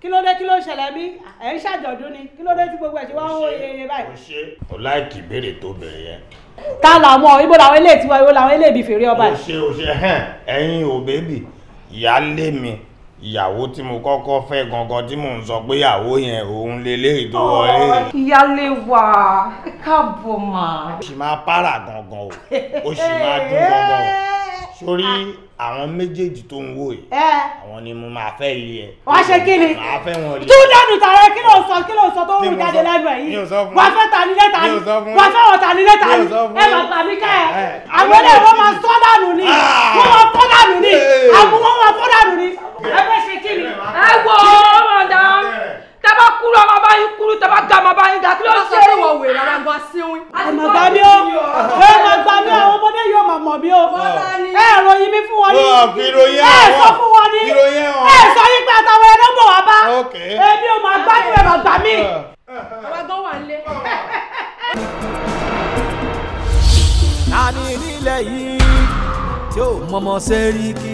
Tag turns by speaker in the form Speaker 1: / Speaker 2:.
Speaker 1: kí ló dé kí ló ṣẹlẹ̀ bí ẹ̀ ń ṣàjọ̀dún ni kí ló dé tí gbogbo ẹ̀ ṣe wá ń wó yeye báyìí. o láìkì ìbéèrè tó bẹ̀rẹ̀ yẹn. ká làwọn ibo làwọn eléyìí tiwa ibo làwọn eléyìí bí fèrè ọba. o ṣe hàn ẹyin o bébì ìyáálé mi ìyàwó tí mo kọ́kọ́ fẹ́ gangan tí mò ń sọ pé ìyàwó yẹn òun lélẹ́yìí tó wọlé. ìyáálé wa káàbọ̀ mà. o sì máa para gangan o o sì máa dún gangan o sórí àwọn méjèèjì tó ń wò yìí. àwọn ni mo máa fẹ́ ilé ẹ. wàá ṣe kí ni màá fẹ́ wọn lé. tún dánù tààrẹ kí ló sọ kí ló sọ tó ń rìn jáde lẹ́nu ẹ̀ yìí. wàá fẹ́ tani lẹ́ta ni wàá fẹ́ wọn tani lẹ́ta ni ẹ máa gbà mí ká ẹ. àwọn eléyìí ah. wọ́n máa sọ dànù ni eh. wọ́n máa fọ́ dànù ni àwọn wọ́n máa fọ́ dànù ni. ẹ fẹ́ ṣe kí ni. ẹ wo ọ̀dà tẹ́bá kúrú ọmọ bá yín kúrú tẹ́bá ga ọmọ bá yín ga kí ló ṣe é. ọmọ gbà mí o ọmọ gbà mí o ọmọdé yóò mọ̀ mọ̀ mí o àwọn ìròyìn àwọn ẹ sọ fún wọn ni ẹ sọ yín pé àtàwọn ẹran bọ̀ wá bá èmi ò máa gbádùn ẹ̀ màgbà mí. ọba gan wà nílé. ta ni nílẹ̀ yìí tí ó mọ̀mọ́ sẹ́ríkì.